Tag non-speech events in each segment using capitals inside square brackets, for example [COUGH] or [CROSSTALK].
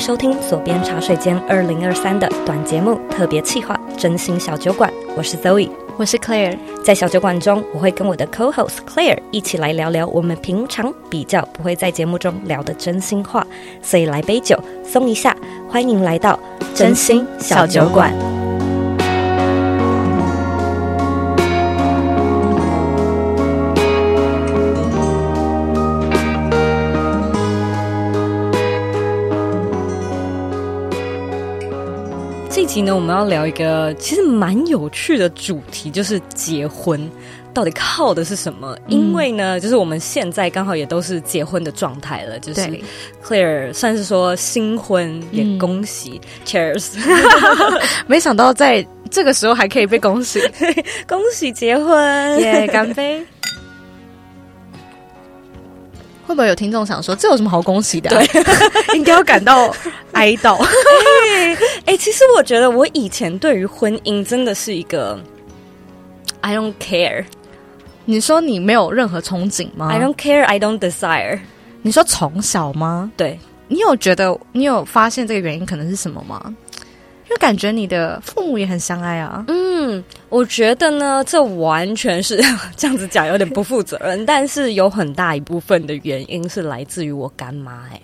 收聽左邊茶水間二零二三的短節目特別企劃《真心小酒館》，我是 z o e 我是 Claire。在小酒館中，我會跟我的 Co-host Claire 一起來聊聊我們平常比較不會在節目中聊的真心話，所以來杯酒鬆一下。歡迎來到《真心小酒館》。今天我們要聊一個其實蠻有趣的主題，就是結婚到底靠的是什麼？嗯、因為呢，就是我們現在剛好也都是結婚的狀態了，就是 Claire 對算是說新婚，也恭喜、嗯、Cheers！ [LAUGHS] [LAUGHS] 沒想到在這個時候還可以被恭喜， [LAUGHS] 恭喜結婚，耶！乾杯！ [LAUGHS] 會不會有聽眾想說，這有什麼好恭喜的，啊？對 [LAUGHS] [LAUGHS] 應該要感到。猜到，哎 I、 [LAUGHS] 欸欸，其實我覺得我以前對於婚姻真的是一個 I don't care。你說你沒有任何憧憬嗎？I don't care, I don't desire。你說從小嗎？對。你有覺得你有發現這個原因可能是什麼嗎？就感覺你的父母也很相愛啊。嗯，我覺得呢，這完全是這樣子講有點不負責任， [LAUGHS] 但是有很大一部分的原因是來自於我乾媽、欸。哎。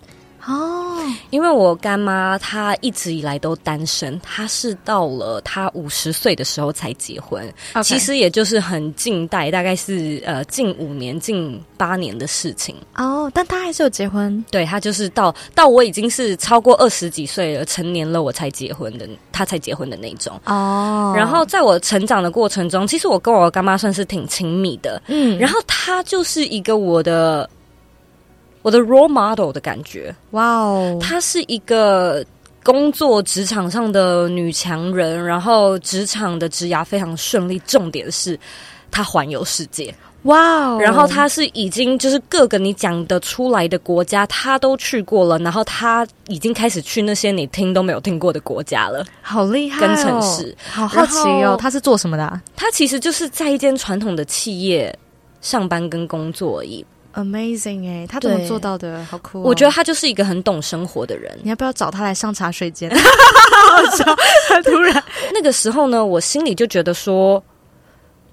哦，oh. 因為我乾媽她一直以來都單身，她是到了她五十歲的時候才結婚，Okay. 其實也就是很近代，大概是呃近五年、近八年的事情。哦，oh, 但她還是有結婚，對她就是到到我已經是超過二十幾歲了，成年了我才結婚的，她才結婚的那一種。哦，oh. 然後在我成長的過程中，其實我跟我乾媽算是挺親密的，嗯，然後她就是一個我的。我的 role model 的感覺，哇哦 Wow，她是一個工作職場上的女強人，然後職場的職涯非常順利，重點是她環遊世界，哇哦 Wow！然後她是已經就是各個你講得出來的國家，她都去過了，然後她已經開始去那些你聽都沒有聽過的國家了，好厲害、哦，跟城市，好好奇哦！後她是做什麼的、啊？她其實就是在一間傳統的企業上班跟工作而已。Amazing 哎，他怎麼做到的？對好酷哦！我覺得他就是一個很懂生活的人。你要不要找他來上茶水間？哈哈哈哈哈！突然那個時候呢，我心裡就覺得說，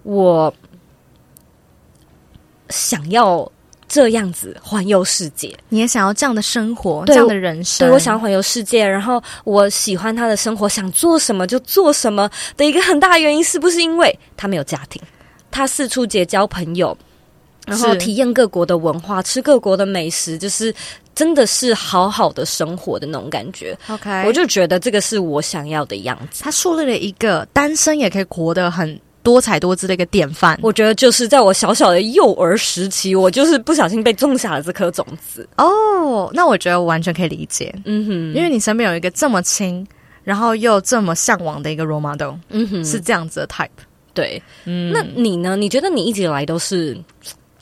我想要這樣子環遊世界。你也想要這樣的生活，對這樣的人生？對，對，我想要環遊世界。然後我喜歡他的生活，想做什麼就做什麼的一個很大的原因，是不是因為他沒有家庭，他四處結交朋友？然後體驗各國的文化，是吃各國的美食，就是真的是好好的生活的那種感覺。OK，我就覺得這個是我想要的樣子。他樹立了一個單身也可以活得很多彩多姿的一個典範。我覺得就是在我小小的幼兒時期，我就是不小心被種下了這顆種子。哦，oh, 那我覺得我完全可以理解。嗯哼，因為你身邊有一個這麼親，然後又這麼嚮往的一個 role model，嗯哼，是這樣子的 type。對，嗯，那你呢？你覺得你一直以來都是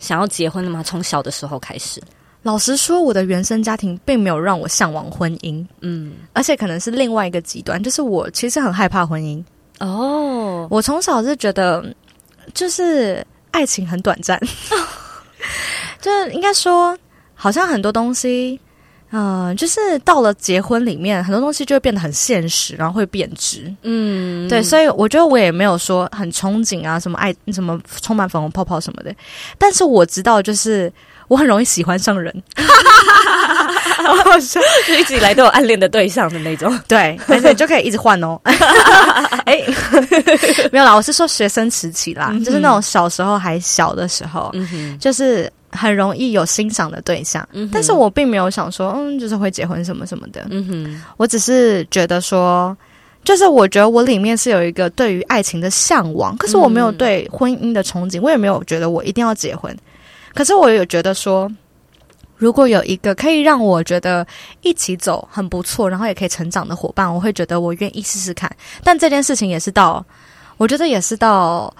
想要結婚了嗎？從小的時候開始，老實說，我的原生家庭並沒有讓我嚮往婚姻。嗯，而且可能是另外一個極端，就是我其實很害怕婚姻。哦，我從小是覺得，就是愛情很短暫， [LAUGHS] [LAUGHS] 就應該說，好像很多東西。嗯、呃，就是到了結婚裡面，很多東西就會變得很現實，然後會貶值。嗯，對，所以我覺得我也沒有說很憧憬啊，什麼愛、什麼充滿粉紅泡泡什麼的。但是我知道，就是我很容易喜歡上人，哈哈哈，然後就一直以來都有暗戀的對象的那種。 [LAUGHS] 對，但是你就可以一直換哦。哎、 [LAUGHS] 欸，沒有啦，我是說學生時期啦，嗯、哼就是那種小時候還小的時候，嗯哼就是。很容易有欣賞的對象，嗯哼，但是我並沒有想說，嗯，就是會結婚什麼什麼的。嗯哼，我只是覺得說，就是我覺得我裡面是有一個對於愛情的向往，可是我沒有對婚姻的憧憬，嗯哼，我也沒有覺得我一定要結婚。可是我有覺得說，如果有一個可以讓我覺得一起走很不錯，然後也可以成長的夥伴，我會覺得我願意試試看。但這件事情也是到，我覺得也是到。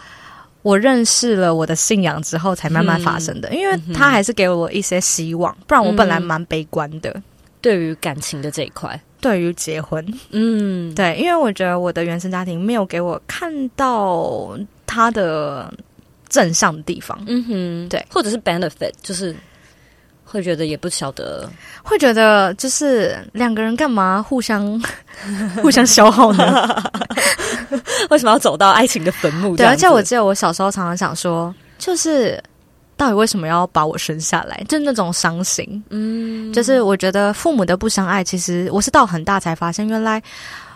我認識了我的信仰之後，才慢慢發生的。嗯、因為他還是給我一些希望，嗯、不然我本來蠻悲觀的。嗯、對於感情的這一塊，對於結婚，嗯，對，因為我覺得我的原生家庭沒有給我看到他的正向的地方，嗯哼，對，或者是 benefit，就是。會覺得也不曉得，會覺得就是兩個人幹嘛互相 [LAUGHS] 互相消耗呢？ [LAUGHS] [LAUGHS] 為什麼要走到愛情的墳墓？對啊，而且我記得我小時候常常想說，就是到底為什麼要把我生下來？就那種傷心。嗯，就是我覺得父母的不相愛，其實我是到很大才發現，原來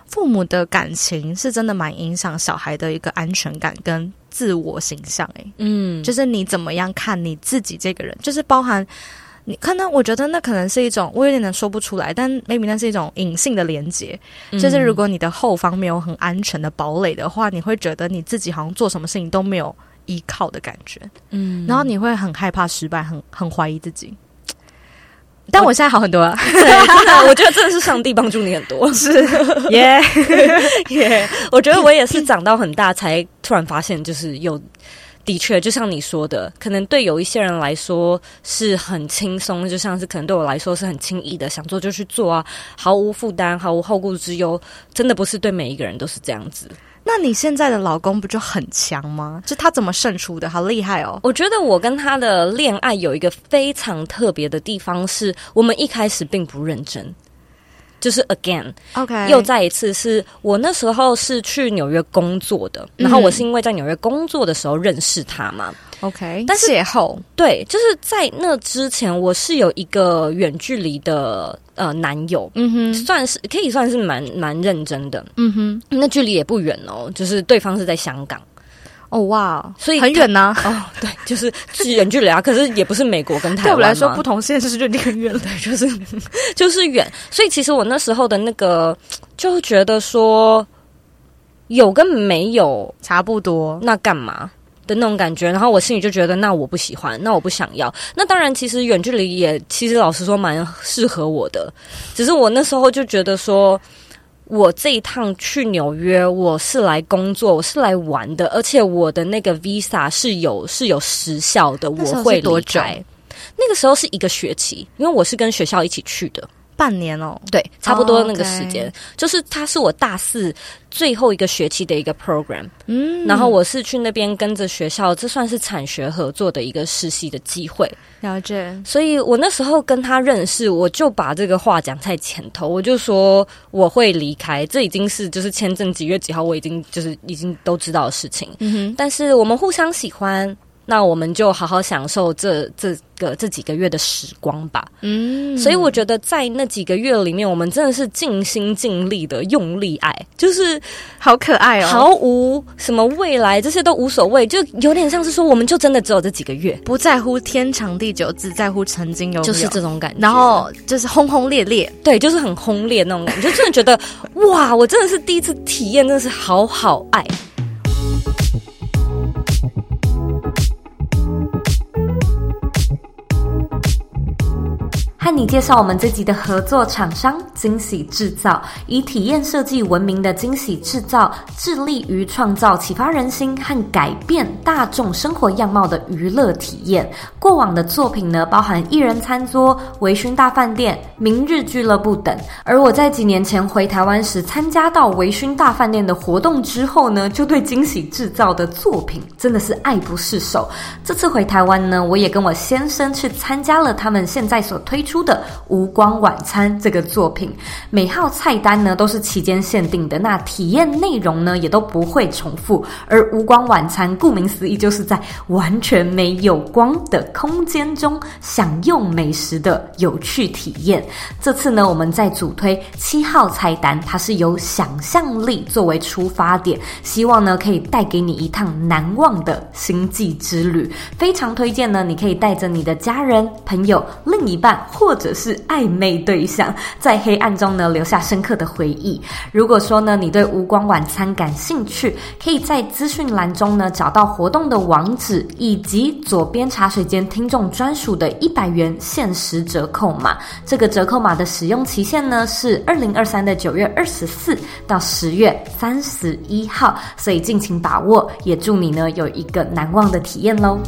父母的感情是真的蠻影響小孩的一個安全感跟自我形象，欸。誒，嗯，就是你怎麼樣看你自己這個人，就是包含。你可能我覺得那可能是一種，我有點能說不出來，但 maybe 那是一種隱性的連結。嗯、就是如果你的後方沒有很安全的堡壘的話，你會覺得你自己好像做什麼事情都沒有依靠的感覺，嗯，然後你會很害怕失敗，很很懷疑自己。但我現在好很多了我 對，對，真的，我覺得真的是上帝幫助你很多，是耶耶，yeah, [LAUGHS] yeah, [LAUGHS] yeah, 我覺得我也是長到很大才突然發現，就是有。的確，就像你說的，可能對有一些人來說是很輕鬆，就像是可能對我來說是很輕易的，想做就去做啊，毫無負擔，毫無後顧之憂。真的不是對每一個人都是這樣子。那你現在的老公不就很強嗎？就他怎麼勝出的？好厲害哦！我覺得我跟他的戀愛有一個非常特別的地方，是我們一開始並不認真。就是 again，OK，Okay. 又再一次是我那時候是去紐約工作的，嗯、哼然後我是因為在紐約工作的時候認識他嘛，OK，但是邂逅。對，就是在那之前我是有一個遠距離的呃男友，嗯哼，算是可以算是蠻蠻認真的，嗯哼，那距離也不遠哦，就是對方是在香港。哦哇，oh, wow, 所以很遠吶，啊。哦，對，就是遠距離啊。 [LAUGHS] 可是也不是美國跟台灣，對我來說不同縣市就離很遠了。對， [LAUGHS] 就是就是遠。所以其實我那時候的那個就覺得說，有跟沒有差不多，那幹嘛的那種感覺。然後我心裡就覺得，那我不喜歡，那我不想要。那當然，其實遠距離也其實老實說蠻適合我的，只是我那時候就覺得說。我這一趟去紐約，我是來工作，我是來玩的，而且我的那個 visa 是有是有時效的，是多久？我會離開。那個時候是一個學期，因為我是跟學校一起去的。半年哦，對，差不多那個時間，Oh, okay. 就是他是我大四最後一個學期的一個 program，嗯，然後我是去那邊跟着學校，這算是產學合作的一個實習的機會。了解，所以我那時候跟他認識，我就把這個話講在前頭，我就說我會離開，這已經是就是簽證幾月幾號，我已經就是已經都知道的事情。嗯哼，但是我們互相喜歡。那我們就好好享受這這個這幾個月的時光吧。嗯，所以我覺得在那幾個月裡面，我們真的是盡心盡力的用力愛，就是好可愛哦，毫無什麼未來這些都無所謂，就有點像是說，我們就真的只有這幾個月，不在乎天長地久，只在乎曾經有，就是這種感覺。然後就是轟轟烈烈，對，就是很轟烈那種感覺， [LAUGHS] 就真的覺得哇，我真的是第一次體驗，真的是好好愛。和你介紹我們這集的合作廠商——驚喜製造，以體驗設計聞名的驚喜製造，致力於創造啟發人心和改變大眾生活樣貌的娛樂體驗。過往的作品呢，包含一人餐桌、微醺大飯店、明日俱樂部等。而我在幾年前回台灣時，參加到微醺大飯店的活動之後呢，就對驚喜製造的作品真的是愛不釋手。這次回台灣呢，我也跟我先生去參加了他們現在所推出的。出的無光晚餐這個作品，每號菜單呢都是期間限定的，那體驗內容呢也都不會重複。而無光晚餐顧名思義就是在完全沒有光的空間中享用美食的有趣體驗。這次呢，我們在主推七號菜單，它是由想象力作為出發點，希望呢可以帶給你一趟難忘的星際之旅。非常推薦呢，你可以帶着你的家人、朋友、另一半。或者是曖昧對象，在黑暗中呢留下深刻的回憶。如果說呢你對無光晚餐感興趣，可以在資訊欄中呢找到活動的網址，以及佐編茶水間聽眾專屬的一百元限時折扣碼。這個折扣碼的使用期限呢是二零二三的九月二十四到十月三十一號，所以盡情把握，也祝你呢有一個難忘的體驗嘍。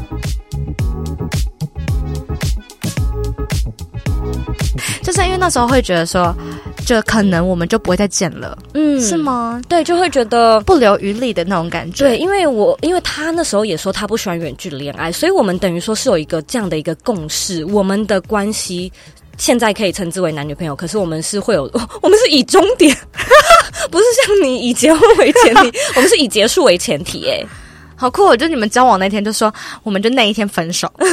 因為那時候會覺得說，就可能我們就不會再見了，嗯，是嗎？對，就會覺得不留餘力的那種感覺。對，因為我因為他那時候也說他不喜歡遠距離戀愛，所以我們等於說是有一個這樣的一個共識。我們的關係現在可以稱之為男女朋友，可是我們是會有，我們是以終點，不是像你以結婚為前提， [LAUGHS] 我們是以結束為前提，欸。哎，好酷喔！就你們交往那天就說，我們就那一天分手。 [LAUGHS]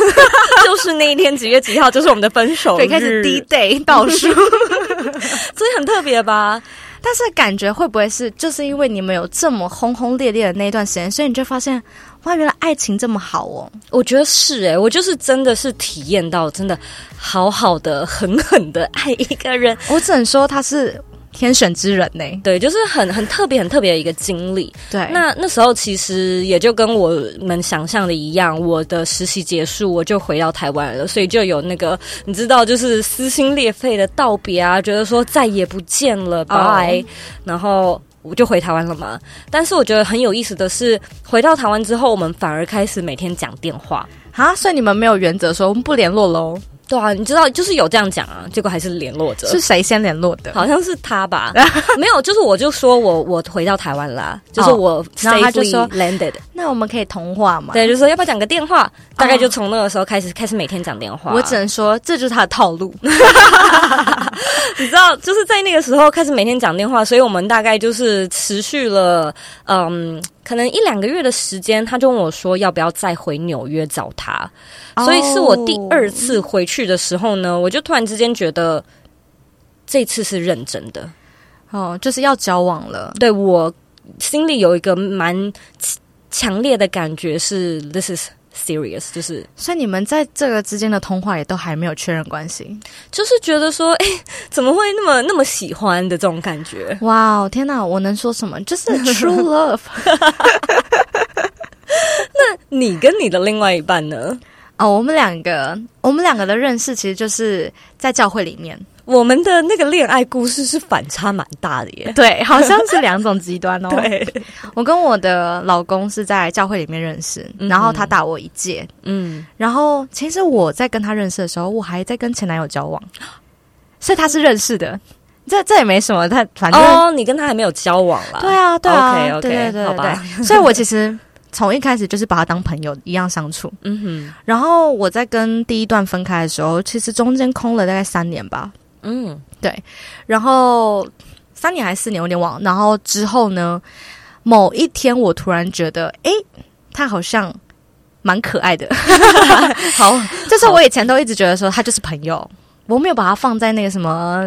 [LAUGHS] 就是那一天幾月幾號，就是我們的分手日，對 [LAUGHS] 開始 D day 倒數， [LAUGHS] 所以很特別吧？但是感覺會不會是就是因為你們有這麼轟轟烈烈的那一段時間，所以你就發現，哇，原來愛情這麼好哦？我覺得是哎、欸，我就是真的是體驗到真的好好的狠狠的愛一個人，我只能說他是。天選之人呢、欸？對，就是很很特別、很特別的一個經歷。對，那那時候其實也就跟我們想象的一樣，我的實習結束，我就回到台灣了，所以就有那個你知道，就是撕心裂肺的道別啊，覺得說再也不見了，拜。Oh. 然後我就回台灣了嘛。但是我覺得很有意思的是，回到台灣之後，我們反而開始每天講電話啊。所以你們沒有原則說我們不聯絡嘍？對啊，你知道，就是有這樣講啊，結果還是聯絡者，是誰先聯絡的？好像是他吧？ [LAUGHS] 沒有，就是我就說我我回到台灣啦，就是我。Oh, 然後他就說：“Landed，那我們可以通話嗎？”對，就說要不要講個電話？大概就從那個時候開始，oh. 開始每天講電話。我只能說，這就是他的套路。 [LAUGHS] [LAUGHS] 你知道，就是在那個時候開始每天講電話，所以我們大概就是持續了，嗯。可能一兩個月的時間，他就問我說要不要再回紐約找他。Oh, 所以是我第二次回去的時候呢，我就突然之間覺得這次是認真的，哦，oh, 就是要交往了。對我心裡有一個蠻強烈的感覺是，This is。serious 就是，所以你們在這個之間的通話也都還沒有確認關係，就是覺得說，誒、欸，怎麼會那麼那麼喜歡的這種感覺？哇哦，天哪！我能說什麼？就是 true love。那你跟你的另外一半呢？哦，oh, 我們兩個，我們兩個的認識其實就是在教會裡面。我們的那個戀愛故事是反差蠻大的耶，對，好像是兩種極端哦，喔。 [LAUGHS] 對，對 我跟我的老公是在教會裡面認識，然後他大我一屆，嗯，嗯，然後其實我在跟他認識的時候，我還在跟前男友交往，乾所以他是認識的，這這也沒什麼，他反正你，oh, 跟他還沒有交往啦，對啊，對啊、oh,，OK OK，好吧。所以，我其實從一開始就是把他當朋友一樣相處，嗯哼。然後我在跟第一段分開的時候，其實中間空了大概三年吧。嗯，對，然後三年還是四年有點忘。然後之後呢，某一天我突然覺得，誒，他好像蠻可愛的。 [LAUGHS] [LAUGHS] 好，就是我以前都一直覺得說他就是朋友，好我沒有把他放在那個什麼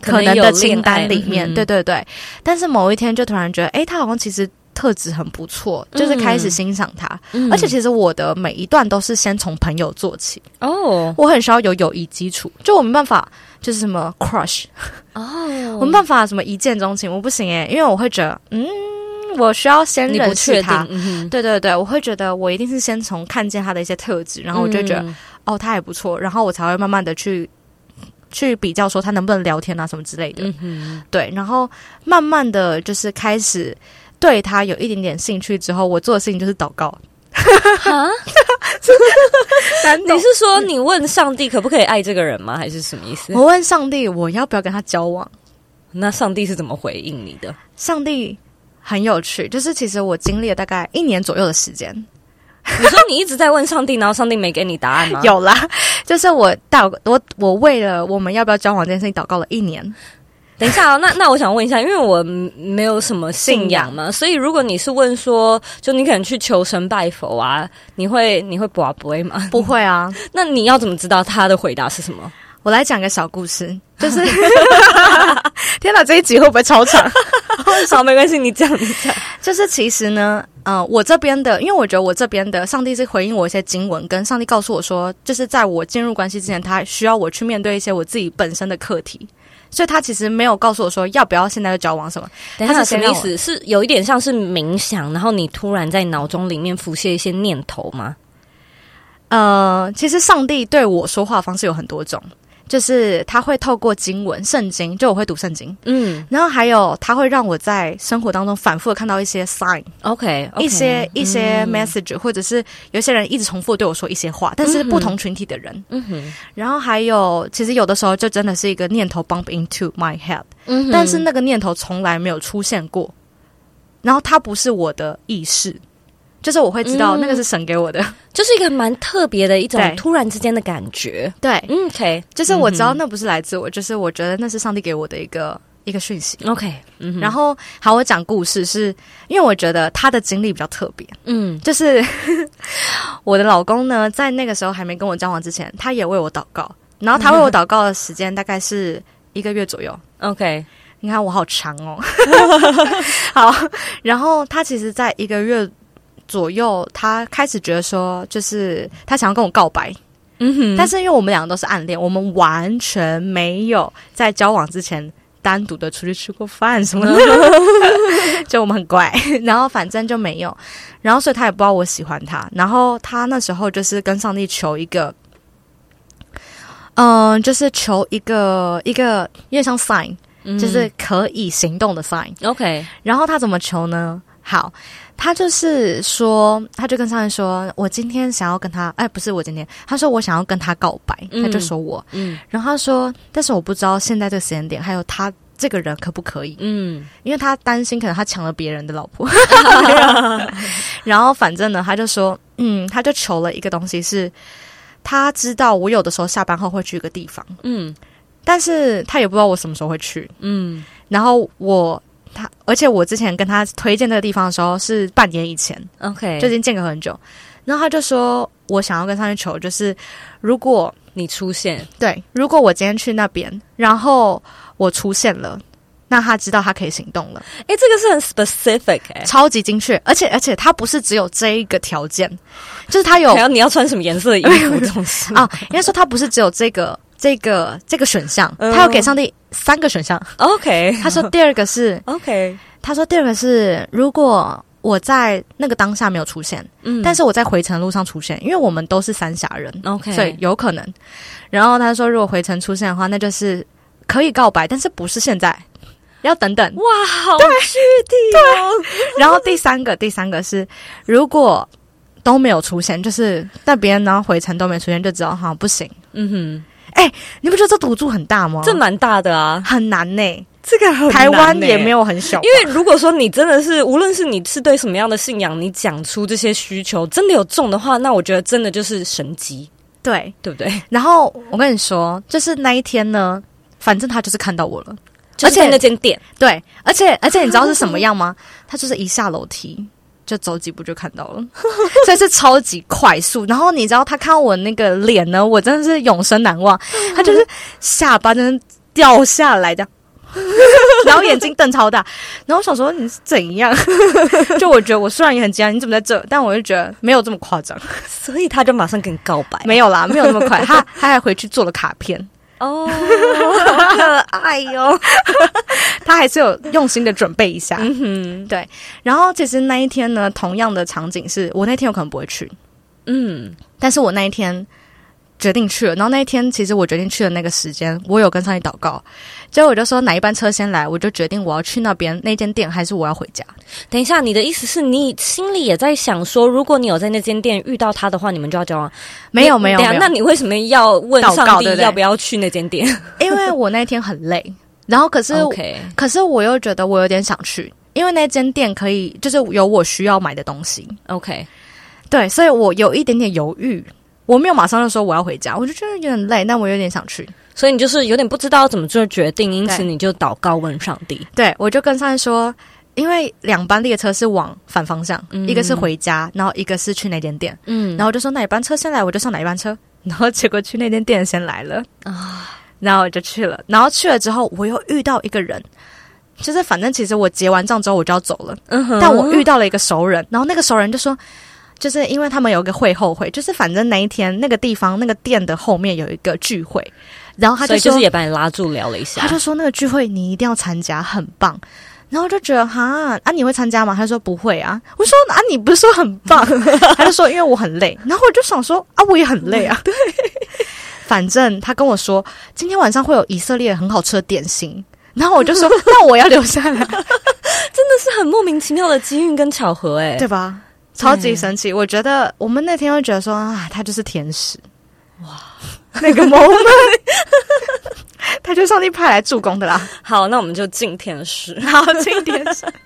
可能的清單裡面，嗯、對對對。但是某一天就突然覺得，誒，他好像其實，特質很不錯，嗯、就是開始欣賞他。嗯、而且其實我的每一段都是先從朋友做起哦。我很需要有友誼基礎，就我沒辦法，就是什麼 crush，哦呵呵，我沒辦法什麼一見鍾情，我不行哎、欸，因為我會覺得，嗯，我需要先認識他。嗯、對對對，我會覺得我一定是先從看見他的一些特質，然後我就覺得、嗯、哦，他還不錯，然後我才會慢慢的去去比較說他能不能聊天啊什麼之類的。嗯、哼對，然後慢慢的就是開始對他有一點點興趣之後，我做的事情就是禱告。哈，你是說你問上帝可不可以愛這個人嗎？還是什麼意思？我問上帝，我要不要跟他交往？那上帝是怎麼回應你的？上帝很有趣，就是其實我經歷了大概一年左右的時間。你說你一直在問上帝，然後上帝沒給你答案嗎？ [LAUGHS] 有啦，就是我到我我為了我們要不要交往這件事情禱告了一年。等一下啊、哦，那那我想問一下，因為我沒有什麼信仰嘛，啊、所以如果你是問說，就你可能去求神拜佛啊，你會你會不不會嗎？不會啊。那你要怎麼知道他的回答是什麼？我來講個小故事，就是 [LAUGHS] [LAUGHS] 天哪，這一集會不會超長？ [LAUGHS] 好，沒關係，你講，你講。就是其實呢，呃，我這邊的，因為我覺得我這邊的上帝是回應我一些經文，跟上帝告訴我說，就是在我進入關係之前，他需要我去面對一些我自己本身的課題。所以他其實沒有告訴我說要不要現在就交往什麼，他是什麼意思？嗯、是有一點像是冥想，然後你突然在腦中裡面浮現一些念頭嗎？呃，其實上帝對我說話方式有很多種。就是他會透過經文、聖經，就我會讀聖經，嗯，然後還有他會讓我在生活當中反覆的看到一些 sign，OK，okay, okay, 一些一些 message，嗯，或者是有些人一直重複對我說一些話，但是不同群體的人，嗯哼，嗯哼，然後還有其實有的時候就真的是一個念頭 bump into my head，嗯哼，但是那個念頭從來沒有出現過，然後它不是我的意識。就是我會知道那個是神給我的、嗯，就是一個蠻特別的一種突然之間的感覺。對，對嗯，可以。Okay, 就是我知道那不是來自我，嗯、哼就是我覺得那是上帝給我的一個一個訊息。OK，、嗯、然後好，我講故事是因為我覺得他的經歷比較特別。嗯，就是 [LAUGHS] 我的老公呢，在那個時候還沒跟我交往之前，他也為我禱告。然後他為我禱告的時間大概是一個月左右。OK，你看我好長哦。 [LAUGHS] 好，然後他其實，在一個月。左右，他開始覺得說，就是他想要跟我告白，嗯、哼但是因為我們兩個都是暗戀，我們完全沒有在交往之前單獨的出去吃過飯什麼的， [LAUGHS] [LAUGHS] 就我們很乖，然後反正就沒有，然後所以他也不知道我喜歡他，然後他那時候就是跟上帝求一個，嗯、呃，就是求一個一個，因為像 sign、嗯、就是可以行動的 sign，OK，Okay. 然後他怎麼求呢？好。他就是說，他就跟上面說，我今天想要跟他，哎，不是我今天，他說我想要跟他告白，嗯、他就說我，嗯，然後他說，但是我不知道現在這個時間點，還有他這個人可不可以，嗯，因為他擔心可能他搶了別人的老婆，然後反正呢，他就說，嗯，他就求了一個東西是，是他知道我有的時候下班後會去一個地方，嗯，但是他也不知道我什麼時候會去，嗯，然後我。他，而且我之前跟他推薦那個地方的時候是半年以前，OK，就已經間隔很久。然後他就說我想要跟他去求，就是如果你出現，對，如果我今天去那邊，然後我出現了，那他知道他可以行動了。誒、欸，這個是很 specific，哎、欸，超級精確。而且，而且他不是只有這一個條件，就是他有要你要穿什麼顏色的衣服 [LAUGHS] 啊？應該說他不是只有這個。這個這個選項，呃、他要給上帝三個選項。OK，他說第二個是 OK，他說第二個是如果我在那個當下沒有出現，嗯，但是我在回程路上出現，因為我們都是三峽人，OK，所以有可能。然後他說，如果回程出現的話，那就是可以告白，但是不是現在，要等等。哇，好具體、哦、對，對，然後第三個，第三個是如果都沒有出現，就是但別人然後回程都沒出現，就知道哈，不行。嗯哼。哎、欸，你不覺得這賭注很大嗎？這蠻大的啊，很難呢、欸。這個很難、欸、台灣也沒有很小。因為如果說你真的是，無論是你是對什麼樣的信仰，你講出這些需求，真的有中的話，那我覺得真的就是神蹟，對對不對？然後我跟你說，就是那一天呢，反正他就是看到我了，而且那間店，對，而且而且你知道是什麼樣嗎？ [NOISE] 他就是一下樓梯。就走幾步就看到了，所以是超級快速。然後你知道他看我那個臉呢，我真的是永生難忘。他就是下巴真的掉下來這樣，然後眼睛瞪超大，然後我想說你是怎樣？就我覺得我雖然也很驚訝，你怎麼在這？但我就覺得沒有這麼誇張。所以他就馬上跟你告白？沒有啦，沒有那麼快，他他還回去做了卡片。Oh, 好哦，可愛喲！他還是有用心的準備一下， [LAUGHS] 嗯哼，對。然後其實那一天呢，同樣的場景是我那天有可能不會去，嗯，但是我那一天，決定去了，然後那一天，其實我決定去的那個時間，我有跟上帝禱告，結果我就說哪一班車先來，我就決定我要去那邊那間店，還是我要回家。等一下，你的意思是你心裡也在想說，如果你有在那間店遇到他的話，你們就要交往。沒有沒有，那你為什麼要問上帝禱告對不對，要不要去那間店？因為我那天很累， [LAUGHS] 然後可是 Okay. 可是我又覺得我有點想去，因為那間店可以就是有我需要買的東西，OK，對，所以我有一點點猶豫。我沒有馬上就說我要回家，我就覺得有點累，但我有點想去，所以你就是有點不知道怎麼做決定，因此你就禱告問上帝。對，我就跟上帝說，因為兩班列車是往反方向，嗯、一個是回家，然後一個是去那間店，嗯，然後就說哪一班車先來我就上哪一班車，然後結果去那間店先來了啊，哦、然後我就去了，然後去了之後我又遇到一個人，就是反正其實我結完賬之後我就要走了，嗯、哼但我遇到了一個熟人，然後那個熟人就說。就是因為他們有一個會後會，就是反正那一天那個地方那個店的後面有一個聚會，然後他就說，所以就是也把你拉住聊了一下，他就說那個聚會你一定要參加，很棒。然後我就覺得哈啊，你會參加嗎？他就說不會啊。我說，啊你不是說很棒？他就說因為我很累。然後我就想說啊，我也很累啊。對，反正他跟我說今天晚上會有以色列很好吃的點心，然後我就說那我要留下來。 [LAUGHS] 真的是很莫名其妙的機遇跟巧合，欸，誒，對吧？超級神奇！我覺得我們那天會覺得說啊，他就是天使，哇，那個 moment， [LAUGHS] 他就上帝派來助攻的啦。好，那我們就敬天使，好敬天使。 [LAUGHS]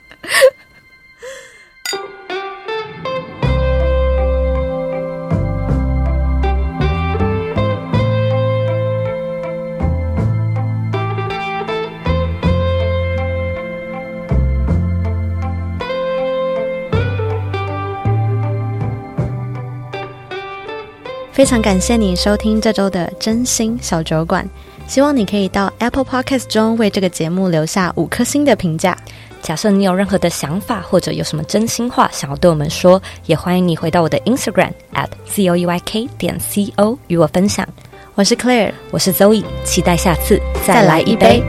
非常感謝你收聽這週的真心小酒館，希望你可以到 Apple Podcast 中為這個節目留下五顆星的評價。假設你有任何的想法或者有什麼真心話想要對我們說，也歡迎你回到我的 Instagram at zoeyk 點 co 與我分享。我是 Claire，我是 Zoey，期待下次再來一杯。